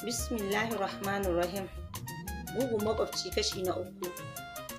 Bismillahi rahmanu Rahim. Bugu makwabci kashi na uku.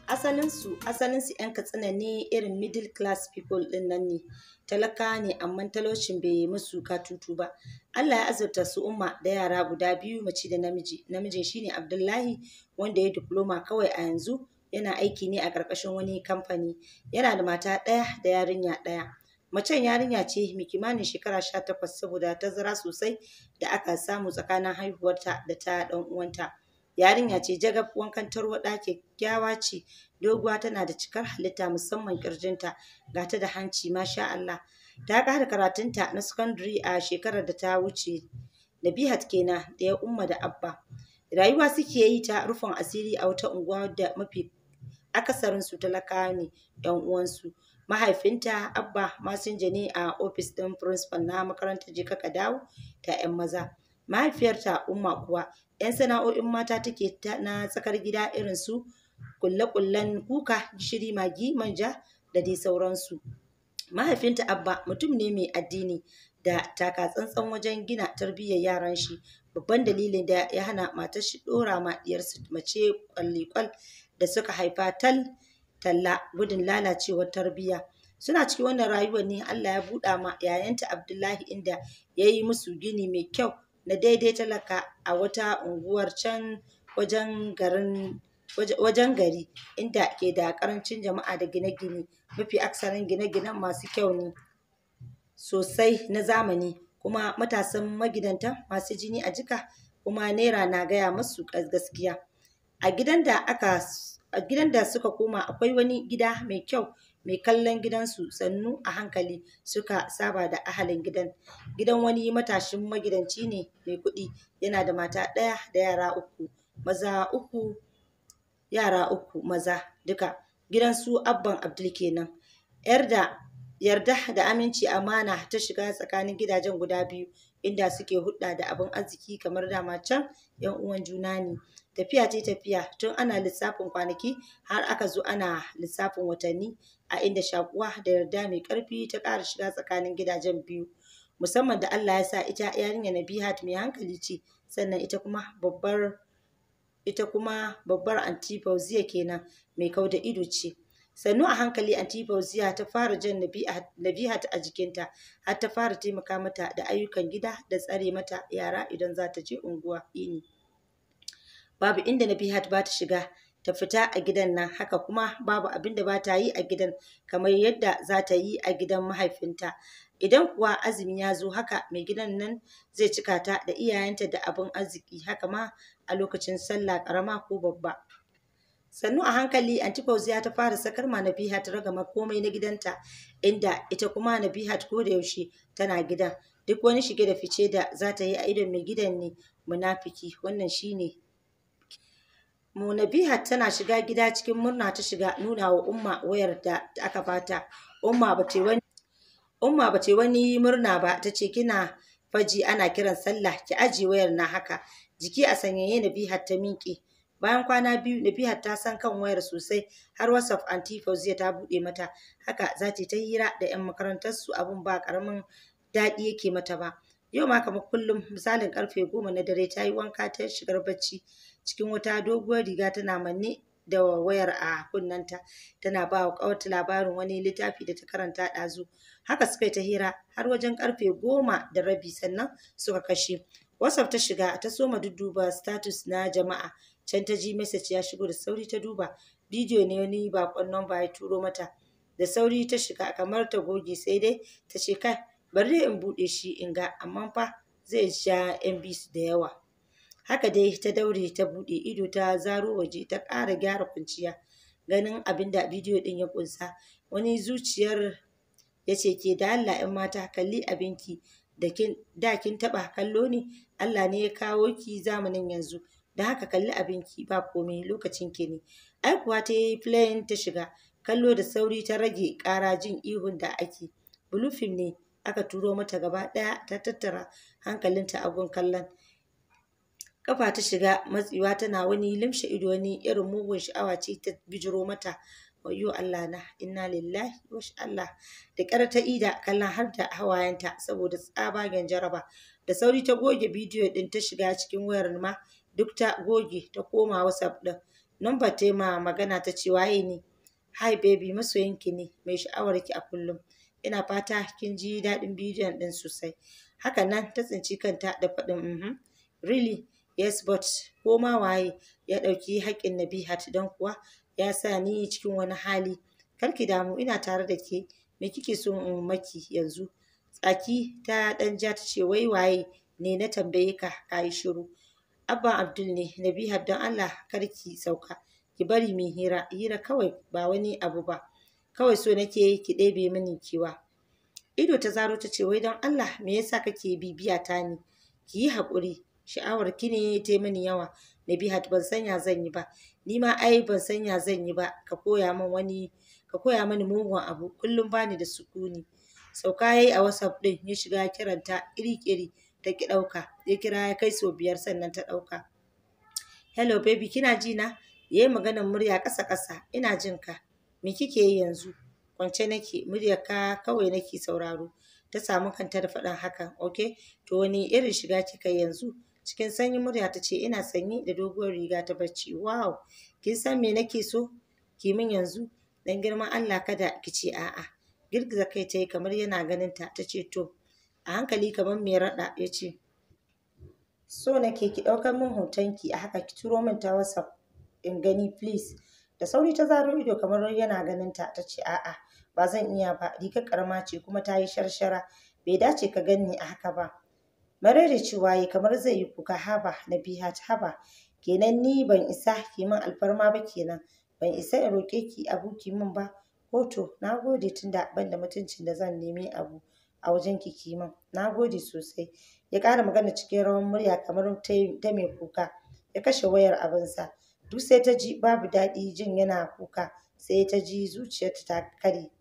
Asalinsu, asalinsu 'yan katsina ne irin middle class people din nan ne. Talaka ne amma talaucin bai yi musu katutu ba. Allah ya azurta su umma da yara guda biyu mace da namiji. Namijin shine Abdullahi wanda ya diploma kawai a yanzu yana aiki ne a ƙarƙashin wani kamfani. Yana da mata ɗaya da yarinya ɗaya. Macen yarinya ce mai kimanin shekara sha takwas saboda tazara sosai da aka samu tsakanin haihuwarta da ta ɗan uwanta. Yarinya ce jagab wankan tarwaɗa kyakkyawa ce doguwa tana da cikar halitta musamman ƙirjinta ga ta da hanci masha Allah. Ta ƙara karatunta na secondary a shekarar da ta wuce. Nabihat kenan da ya umma da abba. Rayuwa suke yi ta rufin asiri a wata unguwa da mafi akasarinsu talakawa ne 'yan uwansu. mahaifinta abba masinja ne a ofis ɗin principal na makarantar jika ka dawo ta 'yan maza mahaifiyarta umma kuwa 'yan sana'o'in mata take na tsakar gida irin su kulle-kullen kuka gishiri magi manja da dai sauransu mahaifinta abba mutum ne mai addini da taka tsantsan wajen gina tarbiyyar yaran shi babban dalilin da ya hana matar shi ɗora ma diyarsu mace kwallikwal da suka haifa tal talla gudun lalacewar tarbiyya suna cikin wannan rayuwar ne Allah ya buɗa ma yayanta Abdullahi inda ya yi musu gini mai kyau na daidai talaka a wata unguwar can wajen gari inda ke da karancin jama'a da gine-gine mafi aksarin gine-ginen masu kyau ne sosai na zamani kuma matasan magidanta masu jini a jika kuma naira na gaya musu gaskiya a gidan da aka a gidan da suka koma akwai wani gida mai kyau mai kallon gidansu sannu a hankali suka saba da ahalin gidan gidan wani matashin magidanci ne mai kuɗi yana da mata ɗaya da yara uku maza uku yara uku maza duka gidansu abban abdul kenan yar da yarda da aminci amana ta shiga tsakanin gidajen guda biyu inda suke hudda da abin arziki kamar dama can yan uwan juna ne tafiya ce tafiya tun ana lissafin kwanaki har aka zo ana lissafin watanni a inda shakuwa da yarda mai karfi ta ƙara shiga tsakanin gidajen biyu musamman da Allah ya sa ita yarinya Nabihat mai hankali ce sannan ita kuma babbar ita kuma babbar anti kenan mai kauda ido ce sannu a hankali anti ta fara jan nabihat a jikinta har ta fara taimaka mata da ayyukan gida da tsare mata yara idan za ta je unguwa ini babu inda nabihat ba ta shiga ta fita a gidan nan haka kuma babu abin da ba ta yi a gidan kamar yadda za ta yi a gidan mahaifinta idan kuwa azumi ya zo haka mai gidan nan zai cika ta da iyayenta da abin arziki haka ma a lokacin sallah karama ko babba sannu a hankali anti ya ta fara sakar ma nabihat ragamar komai na gidanta inda ita kuma nabihat ko da yaushe tana gida duk wani shige da fice da za ta yi a idon mai gidan ne munafiki wannan shine mu nabihat tana shiga gida cikin murna ta shiga nuna wa umma wayar da aka bata umma ba ce wani umma ba ce wani murna ba ta ce kina faji ana kiran sallah ki aje wayar na haka jiki a sanyaye nabihat ta miƙe Bayan kwana biyu Nafihat ta san kan wayar sosai har WhatsApp anti Fauziya ta buɗe mata. Haka za ta ta hira da 'yan makarantar su abin ba karamin daɗi yake mata ba. Yau ma kamar kullum misalin karfe goma na dare ta yi wanka ta shigar bacci cikin wata doguwar riga tana manne da wayar a kunnanta tana ba wa ƙawarta labarin wani littafi da ta karanta ɗazu haka suka yi ta hira har wajen karfe goma da rabi sannan suka kashe WhatsApp ta shiga ta soma dudduba status na jama'a can ta ji message ya shigo da sauri ta duba bidiyo ne wani bakon namba ya turo mata da sauri ta shiga kamar ta goge sai dai ta ce kai bari in bude shi in ga amma fa zai sha MBs da yawa haka dai ta daure ta bude ido ta zaro waje ta ƙara gyara kwanciya ganin abin da bidiyo din ya ƙunsa wani zuciyar ya ce ke da Allah 'yan mata kalli abinki da kin taɓa kallo ne Allah ne ya kawo ki zamanin yanzu da haka kalli abinki ba komai lokacin ke ne ai ta yi plane ta shiga kallo da sauri ta rage ƙara jin ihun da ake bulufin ne aka turo mata gaba ɗaya ta tattara hankalinta a gun kallon kafa ta shiga matsiwa tana wani limshe ido wani irin mugun sha'awa ce ta bijiro mata wayo Allah na inna lillahi wa Allah da ƙyar ta ida kallon har da hawayenta saboda tsabagen jaraba da sauri ta goge bidiyo ɗin ta shiga cikin wayar ma duk ta goge ta koma whatsapp din numba ta ma magana ta ce waye ne hi baby masoyinki ne mai sha'awar ki a kullum ina fata kin ji daɗin bidiyon ɗin sosai haka nan ta tsinci kanta da faɗin mhm really yes but ko ma waye ya ɗauki haƙƙin Nabihat don kuwa ya sa ni cikin wani hali kar ki damu ina tare da ke me kike so in maki yanzu Tsaki ta ɗan ja ta ce wai waye ne na tambaye ka ka yi shiru. Abban Abdul ne nabi don Allah kar ki sauka ki bari min hira hira kawai ba wani abu ba kawai so nake ki ɗebe mini kiwa Ido ta zaro ta ce wai don Allah me yasa kake bibiya ta ni ki yi hakuri sha'awar ki ne ta mini yawa Nabihat ban sanya zan yi ba ni ma ai ban sanya zan yi ba ka koya min wani ka koya mini mugun abu kullum bani da sukuni. sauka ya yi a whatsapp ɗin ya shiga kiranta iri-iri ta ki ɗauka ya kira ya kai sau biyar sannan ta ɗauka hello baby kina ji na yayi maganar murya ƙasa-ƙasa ina jin ka me kike yi yanzu kwance nake murya ka kawai nake sauraro ta samu kanta da faɗin hakan okay to wani irin shiga kika yanzu cikin sanyin murya ta ce ina sanyi da doguwar riga ta bacci wow kin san me nake so ki min yanzu dan girman Allah kada ki ce a'a girgiza kai ta yi kamar yana ganin ta ta ce to a hankali kamar mai raɗa ya ce so na ke ki ɗaukar min hotonki a haka ki turo min ta whatsapp in gani please da sauri ta zaro ido kamar yana ganin ta ta ce a'a ba zan iya ba rigar karama ce kuma ta yi sharshara bai dace ka ganni a haka ba da cewa yi kamar zai yi kuka haba na biya ta haba kenan ni ban isa ki min alfarma ba kenan ban isa in roke ki abu ki min ba Hoto, na gode tun da ban da mutuncin da zan nemi abu a wajen ki kiman. Na gode sosai. Ya ƙara magana cikin rawan murya kamar ta mai kuka. Ya kashe wayar abinsa. Duk sai ta ji babu daɗi jin yana kuka. Sai ta ji zuciyarta ta kare.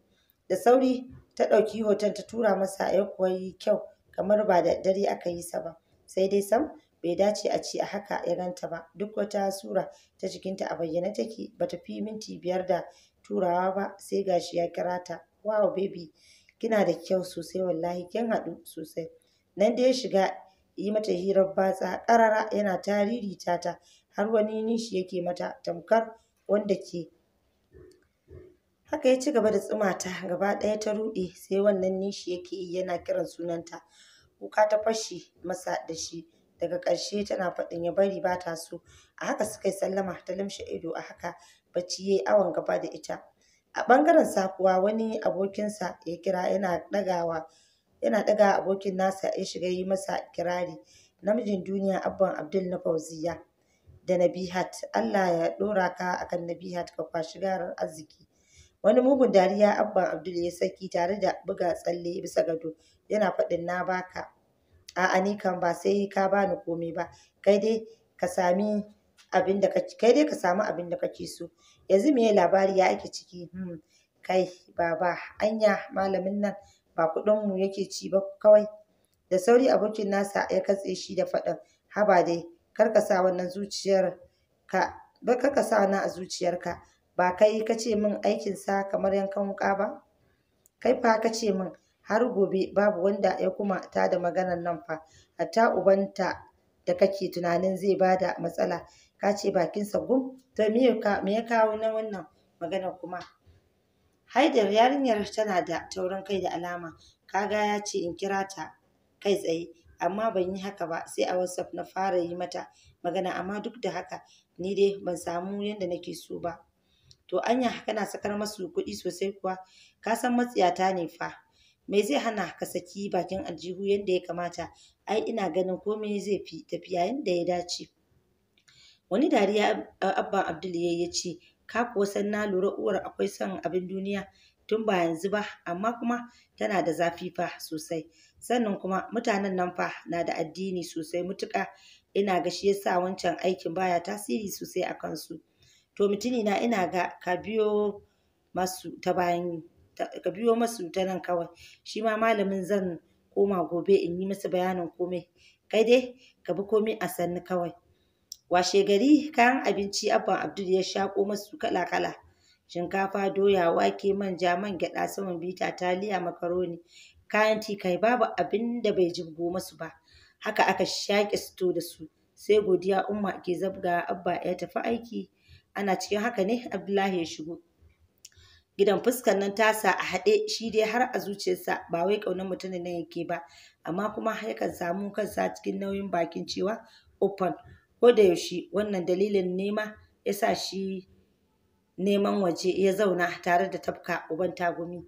Da sauri ta ɗauki hoton ta tura masa ya kuwa yi kyau kamar ba da dare aka yi sa ba. Sai dai sam bai dace a ce a haka ya ganta ba. Duk wata sura ta jikinta a bayyane take bata fi minti biyar da turawa ba sai gashi ya kira ta wow baby kina da kyau sosai wallahi kin haɗu sosai nan da ya shiga yi mata hirar batsa ƙarara yana tariri tata har wani nishi yake mata tamkar wanda ke haka ya ci gaba da tsumata gaba ɗaya ta ruɗe sai wannan nishi yake yana kiran sunanta kuka ta fashe masa da shi daga ƙarshe tana faɗin ya bari ba ta so a haka suka yi sallama ta limshe ido a haka bacci yayi awon gaba da ita a ɓangaren sakuwa wani abokinsa ya kira yana ɗagawa yana ɗaga abokin nasa ya shiga yi masa kirari namijin duniya abban abdul na fauziya da nabihat allah ya ɗora ka akan nabihat ka kwashi garar arziki wani mugun dariya abban abdul ya saki tare da buga tsalle bisa gado yana faɗin na baka a'a ni kan ba sai ka bani komai ba kai dai ka sami abin kake kai dai ka samu abin da kake so yanzu me labari ya ake ciki hmm kai baba anya malamin nan ba kuɗin mu yake ci ba kawai da sauri abokin nasa ya katse shi da faɗan. haba dai kar ka sa wannan zuciyar ka ba kar ka sa na a zuciyarka ba kai ka ce min aikin sa kamar yankan wuka ba kai fa ka ce min har gobe babu wanda ya kuma ta da maganar nan fa hatta ubanta da kake tunanin zai bada matsala ka ce bakinsa gum to me ya kawo na wannan magana kuma haidar yarinyar tana da taurin kai da alama kaga ya ce in kira ta kai tsaye amma ban yi haka ba sai a whatsapp na fara yi mata magana amma duk da haka ni dai ban samu yadda nake so ba to anya kana sakar masu kuɗi sosai kuwa ka san matsiyata ne fa me zai hana ka saki bakin aljihu yadda ya kamata ai ina ganin komai zai fi tafiya yadda ya dace wani dariya abban abdul ya ce ka kuwa san na lura uwar akwai son abin duniya tun ba yanzu ba amma kuma tana da zafi fa sosai sannan kuma mutanen nan fa na da addini sosai mutuka ina ga shi yasa wancan aikin baya tasiri sosai a kansu to mutumina ina ga ka biyo masu ta bayan ka biyo masu ta nan kawai shi ma malamin zan koma gobe in yi masa bayanin komai kai dai ka bi komai a sannu kawai washe gari kayan abinci abban abdul ya shaƙo masu kala kala shinkafa doya wake manja man gyaɗa saman bita taliya makaroni kayan tikai babu abin da bai jibgo masu ba haka aka shaƙe sito da su sai godiya umma ke zabga abba ya tafi aiki ana cikin haka ne abdullahi ya shigo gidan fuskar nan tasa a haɗe shi dai har a zuciyarsa ba wai ƙaunar mutumin nan yake ba amma kuma yakan samu kansa cikin nauyin bakin cewa open ko da yaushe wannan dalilin nema ya sa shi neman waje ya zauna tare da tafka uban tagumi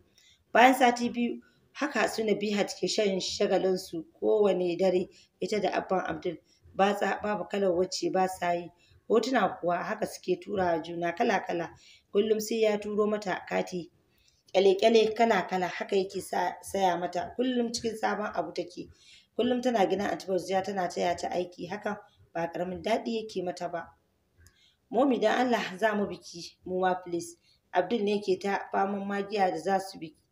bayan sati biyu haka su Nabihat ke shan su kowane dare ita da abban Abdul ba babu kalar wacce ba sa yi hotuna kuwa haka suke turawa juna kala-kala kullum sai ya turo mata kati kyale-kyale kala-kala haka yake saya mata kullum cikin sabon abu take kullum tana gina antibus ya tana taya ta aiki haka ba karamin daɗi yake mata ba momi dan allah za mu biki mu ma please abdul ne ke ta faman magiya da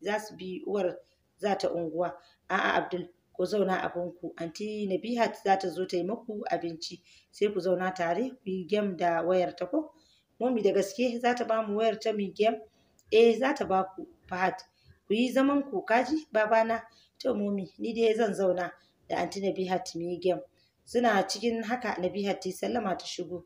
za su bi uwar za ta unguwa a'a abdul ku zauna abinku anti nabihat za ta zo ta yi muku abinci sai ku zauna tare ku yi gem da wayar ta ko Mummy da gaske za ta ba mu wayar ta Miguel? Eh za ta ba ku Fahad. Ku yi zaman ku kaji babana. To Mummy ni dai zan zauna da ta Nabihat Miguel. Suna cikin haka Nabihat ta sallama ta shigo.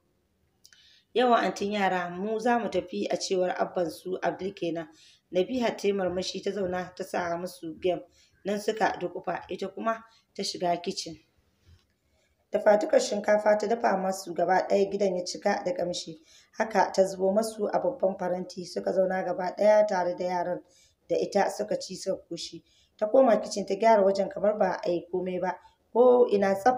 Yawan antin yara mu za mu tafi a cewar abban su Abdul kenan. Nabihat ta murmushi ta zauna ta sa musu game. Nan suka dukufa ita kuma ta shiga kicin. Dafatukar shinkafa ta dafa masu gaba ɗaya gidan ya cika da ƙamshi. Haka ta zubo masu a babban faranti suka zauna gaba ɗaya tare da yaran da ita suka ci suka kushi. Ta koma kicin ta gyara wajen kamar ba a yi komai ba. Ko ina tsaf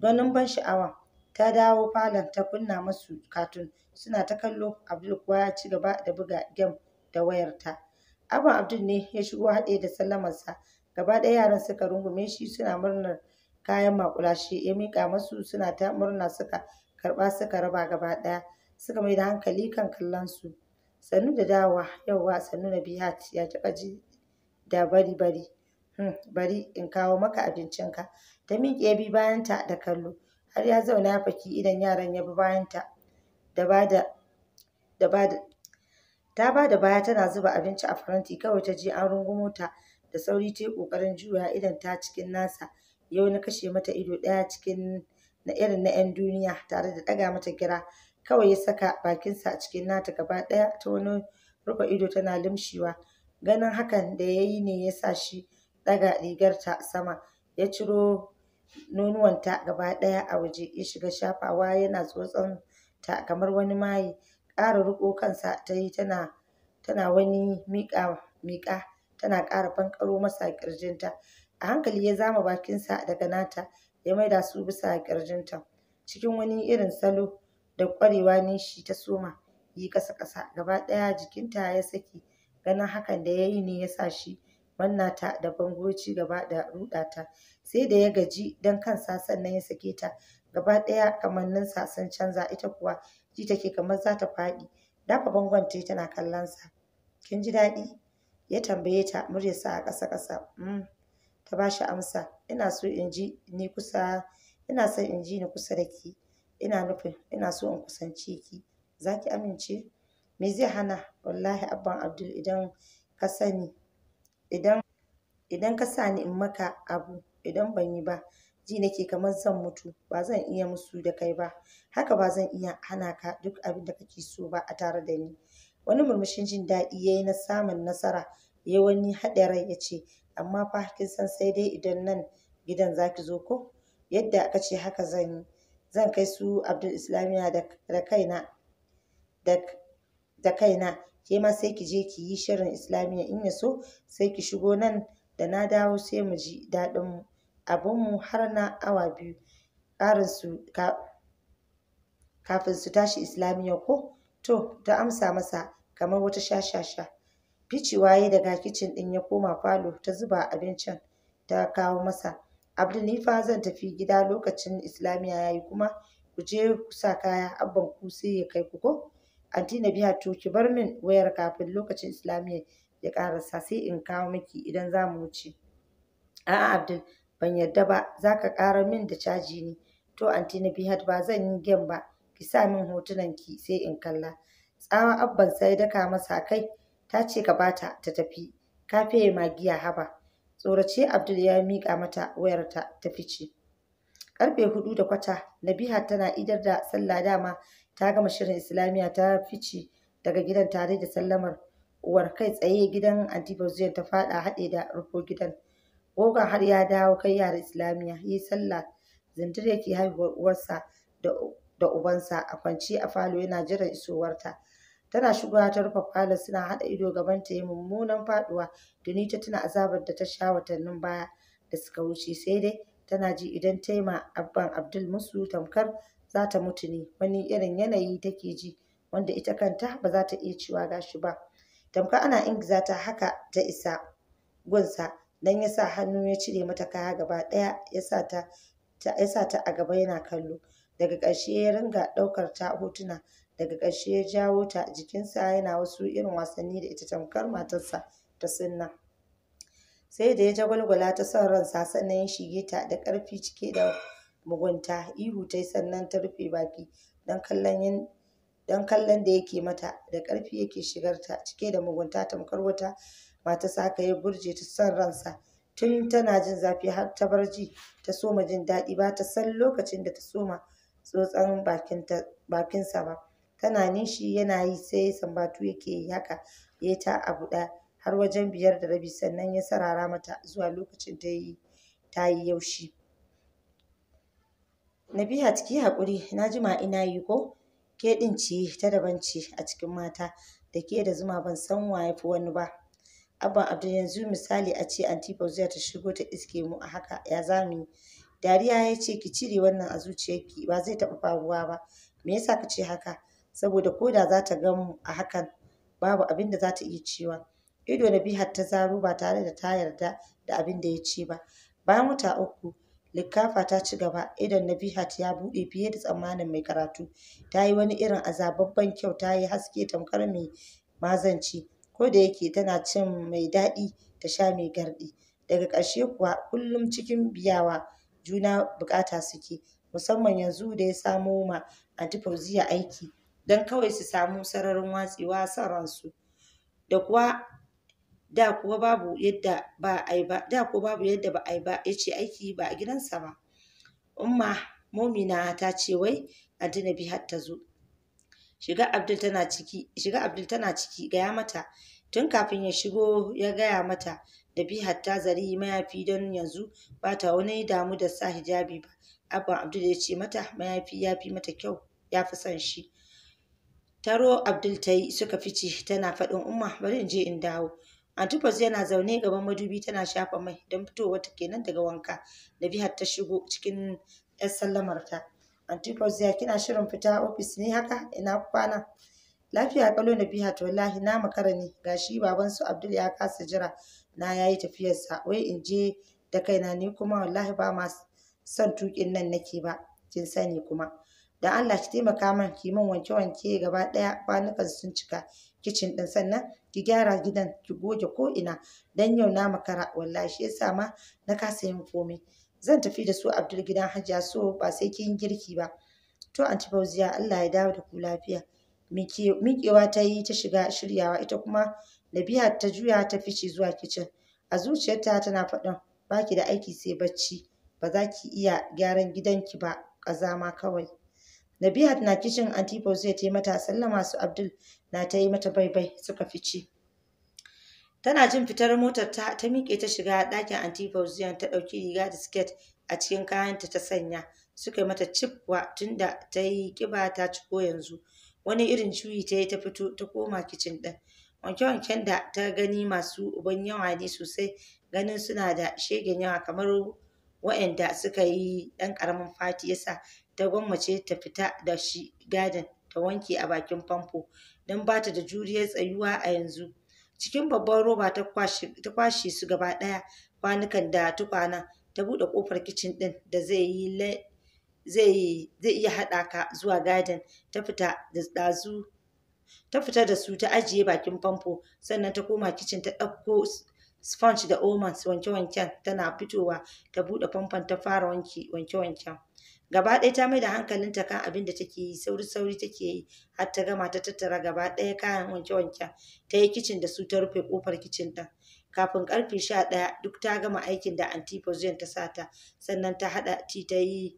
ganin ban sha'awa. Ta dawo falon ta kunna masu katun suna ta kallo Abdul kuwa ya ci gaba da buga gem da wayarta. Abin Abdul ne ya shigo haɗe da sallamarsa. Gaba ɗaya yaran suka rungume shi suna murnar kayan makulashe ya miƙa masu suna ta murna suka karɓa suka raba gaba ɗaya suka mai da hankali kan kallon su sannu da dawa yauwa sannu na bihat ya taɓa ji da bari bari hmm, bari in kawo maka abincinka ta miƙe bi bayanta da kallo har ya zauna ya faki idan yaran ya bi bayanta da ba da da ba da ta ba da baya tana zuba abinci a faranti kawai ta je an rungumo ta da sauri ta yi ƙoƙarin juya idan ta cikin nasa yau na kashe mata ido ɗaya cikin na irin na 'yan duniya tare da ɗaga mata gira kawai ya saka bakinsa a cikin nata gaba ɗaya ta wani rufe ido tana limshewa ganin hakan da ya yi ne ya sa shi ɗaga rigarta sama ya ciro nonuwanta gaba ɗaya a waje ya shiga shafawa yana tsotson ta kamar wani maye ƙara riƙo kansa ta yi tana wani miƙa tana ƙara fankaro masa ƙirjinta a hankali ya zama bakinsa daga nata ya maida su bisa ƙirjinta cikin wani irin salo da ƙwarewa ne shi ta soma yi ƙasa ƙasa gaba ɗaya jikinta ya saki ganin hakan da ya yi ne ya sa shi wannata da da bangoci gaba da ruɗa sai da ya gaji don kansa sannan ya sake ta gaba ɗaya kamanninsa sun canza ita kuwa ji take kamar za ta faɗi dafa bangon tai tana kallonsa kin ji daɗi ya tambaye ta muryarsa a ƙasa ƙasa mm. ta shi amsa ina so in ji ni kusa ina son in ji ni kusa da ki ina nufin ina so in kusanci ki za ki amince me zai hana wallahi abban abdul idan ka sani idan idan ka sani in maka abu idan ban yi ba ji nake kamar zan mutu ba zan iya musu da kai ba haka ba zan iya hana ka duk abin da kake so ba a tare da ni wani murmushin jin daɗi ya yi na samun nasara ya wani haɗa rai ya ce amma fa kin san sai dai idan nan gidan zaki zo ko yadda aka ce haka zan zan kai su abdul islamiya da kaina da kaina ke ma sai ki je ki yi shirin islamiya in ya so sai ki shigo nan da na dawo sai mu ji daɗin abinmu har na awa biyu kafin su tashi islamiya ko to ta amsa masa kamar wata shashasha ficewa ya daga kicin ɗin ya koma falo ta zuba abincin ta kawo masa abdulnifa ni fa zan tafi gida lokacin islamiya ya yi kuma ku je ku sa kaya abban ku sai ya kai ku ko anti nabiya to ki bar min wayar kafin lokacin islamiya ya karasa sai in kawo miki idan za mu wuce a'a abdul ban yarda ba za ka ƙara min da caji ne to anti nabihat ba zan yi gem ba ki sa min hotunan ki sai in kalla tsawa abban sai daka masa kai ta ce ka bata ta tafi ka fiye magiya haba tsorace abdul ya mika mata wayarta ta fice karfe hudu da kwata nabiha tana idar da sallah dama ta gama shirin islamiyya, ta fice daga gidan tare da sallamar uwar kai tsaye gidan antibazuyan ta fada haɗe da rufo gidan gogon har ya dawo kai yara islamiya yi sallah zindir yake haihuwar uwarsa da ubansa a kwance a falo yana jiran isowarta tana shigowa ta rufe falon suna haɗa ido gaban ta yi mummunan faɗuwa tuni ta tuna azabar da ta sha watannin baya da suka wuce sai dai tana ji idan taima yi abban abdul musu tamkar za ta mutu ne wani irin yanayi take ji wanda ita kanta ba za ta iya cewa gashi ba tamkar ana ingiza ta haka ta isa gunsa dan ya sa hannu ya cire mata kaya gaba ɗaya ya sa ta ya sa ta a gaba yana kallo daga ƙarshe ya ringa ɗaukar ta hotuna daga ƙarshe ya jawo ta jikinsa yana wasu irin wasanni da ita tamkar matarsa ta sunna sai da ya gwalgwala ta son ransa sannan ya shige ta da ƙarfi cike da mugunta ihu ta sannan ta rufe baki don kallon don kallon da yake mata da ƙarfi yake shigar ta cike da mugunta tamkar wata mata sa ka yi burje ta son ransa tun tana jin zafi har ta bar ji ta soma jin daɗi ba ta san lokacin da ta soma tsotsan bakinsa ba tana nishi yana yi sai sambatu yake yi haka ya ta abu ɗaya har wajen biyar da rabi sannan ya sarara mata zuwa lokacin ta yi ta yi yaushi Nabiha ciki haƙuri na jima ina yi ko ke ɗin ci ta daban ce a cikin mata da ke da zuma ban san wa ya fi wani ba abban abdul yanzu misali a ce anti fauziya ta shigo ta iske mu a haka ya zamu dariya ya ce ki cire wannan a zuciyarki ba zai taɓa faruwa ba me yasa ka ce haka saboda ko da za ta mu a hakan babu abin da za ta iya cewa ido na bihar ta zaro ba tare da ta yarda da abin da ya ce ba bayan wata uku likkafa ta ci gaba idan na bihat ya buɗe fiye da tsammanin mai karatu ta yi wani irin azababban kyau ta yi haske tamkar mai mazanci ko da yake tana cin mai daɗi ta sha mai gardi. daga ƙarshe kuwa kullum cikin biyawa juna bukata suke musamman yanzu da ya samo ma anti aiki don kawai su samu sararin watsewa son ransu da kuwa da kuwa babu yadda ba a ba da kuwa babu yadda ba a ba ya ce aiki ba a gidansa ba umma Mumina ta ce wai antinabi har ta zo shiga abdul tana ciki shiga abdul tana ciki gaya mata tun kafin ya shigo ya gaya mata da har ta zari mayafi don yanzu ba ta wani damu da sa hijabi ba abban abdul ya ce mata mayafi ya fi mata kyau ya fi son shi Taro Abdul ta yi suka fice tana faɗin umma bari in je in dawo. Antufas yana zaune gaban madubi tana shafa mai don fitowa ta kenan daga wanka. da bihar ta shigo cikin 'yar sallamarta. Antufas ya kina shirin fita ofis ne haka ina kwana. Lafiya kalo biha to wallahi na makara ne gashi baban su Abdul ya kasa jira na yayi tafiyarsa wai in je da kaina ne kuma wallahi ba ma son tukin nan nake ba kin sani kuma da Allah ki taimaka min ki min wanke wanke gaba daya kwanukan sun cika kicin din sannan ki gyara gidan ki goge ko ina dan yau na makara wallahi shi yasa ma na kasa yin komai zan tafi da su Abdul gidan Hajiya so ba sai kin girki ba to anti Fauziya Allah ya dawo da ku lafiya mikewa ta yi ta shiga shiryawa ita kuma Nabiya ta juya ta fice zuwa kicin a zuciyarta tana faɗin baki da aiki sai bacci ba za ki iya gyaran gidanki ba kaza ma kawai Nabihat na kishin Antifo zai ta yi mata sallama su Abdul na ta yi mata baibai suka fice. Tana jin fitar motar ta ta miƙe ta shiga ɗakin Antifo ta ɗauki riga da siket a cikin kayanta ta sanya suka yi mata cifwa tunda ta yi ƙiba ta ciko yanzu. Wani irin cuyi ta yi ta fito ta koma kicin ɗin. Wanke-wanken da ta gani masu uban yawa ne sosai ganin suna da shegen yawa kamar wayanda suka yi ɗan ƙaramin fati yasa ta gwammace ta fita da shi gadin ta wanke a bakin famfo don ba ta da juriyar tsayuwa a yanzu cikin babban roba ta kwashe su gaba ɗaya kwanukan da tukwana ta buɗe ƙofar kicin ɗin da zai iya haɗa ka zuwa gadin ta fita da ɗazu ta fita da su ta ajiye bakin famfo sannan ta koma kicin ta ɗauko sponge da omans wanke-wanken tana fitowa ta buɗe famfon ta fara wanke-wanken gaba ɗaya ta mai da hankalinta kan abin da take yi sauri sauri take yi har ta gama ta tattara gaba ɗaya kayan wanke wanke ta yi kicin da su ta rufe kofar kicin ɗin kafin karfe sha ɗaya duk ta gama aikin da anti ta sata sannan ta haɗa ti ta yi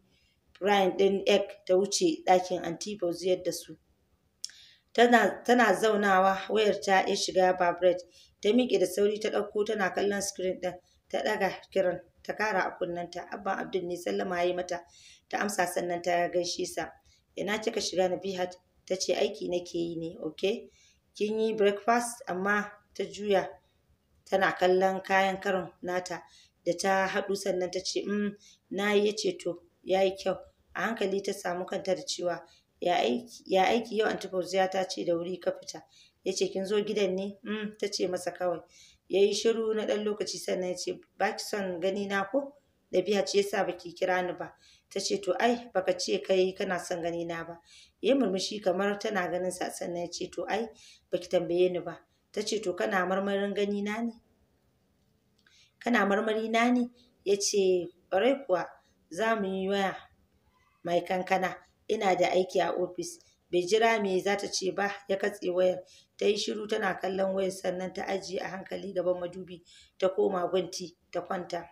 Brian ɗin egg ta wuce ɗakin anti da su tana zaunawa wayar ta ya shiga vibrate ta miƙe da sauri ta ɗauko tana kallon screen ɗin ta ɗaga kiran ta kara a kunnenta abban abdul ne sallama ya yi mata ta amsa sannan ta gaishe sa ina kika shiga Biha? ta ce aiki nake yi ne ok kin yi breakfast amma ta juya tana kallon kayan karin nata da ta haɗu sannan ta ce mm, na yi ya ce to ya yi kyau a hankali ta samu kanta da cewa ya aiki yau anti ya ta ce da wuri ka fita ya ce kin zo gidan ne mm, ta ce masa kawai ya yi shiru na ɗan lokaci sannan ya ce ba ki son gani na ko biya ce yasa ki kira ni ba ta ce to ai baka ce kai kana son gani na ba ya murmushi kamar tana ganin sa sannan ya ce to ai baki tambaye ni ba ta ce to kana marmarin gani na ne kana marmari na ne ya ce ƙwarai kuwa za mu yi waya mai kankana ina da aiki a ofis bai jira me za ta ce ba ya katse wayar ta yi shiru tana kallon wayar sannan ta ajiye a hankali gaban madubi ta koma gunti ta kwanta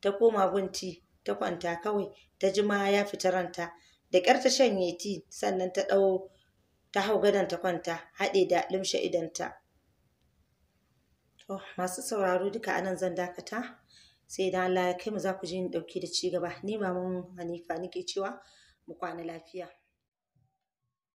ta koma gunti ta kwanta kawai ta ji ya fita ranta da kyar ta shanye ti sannan ta ɗau ta hau gadon ta kwanta haɗe da limshe idanta to masu sauraro duka anan zan dakata sai dan Allah ya kai mu za ku je ni dauke da ci gaba ni maman Hanifa nake cewa mu kwana lafiya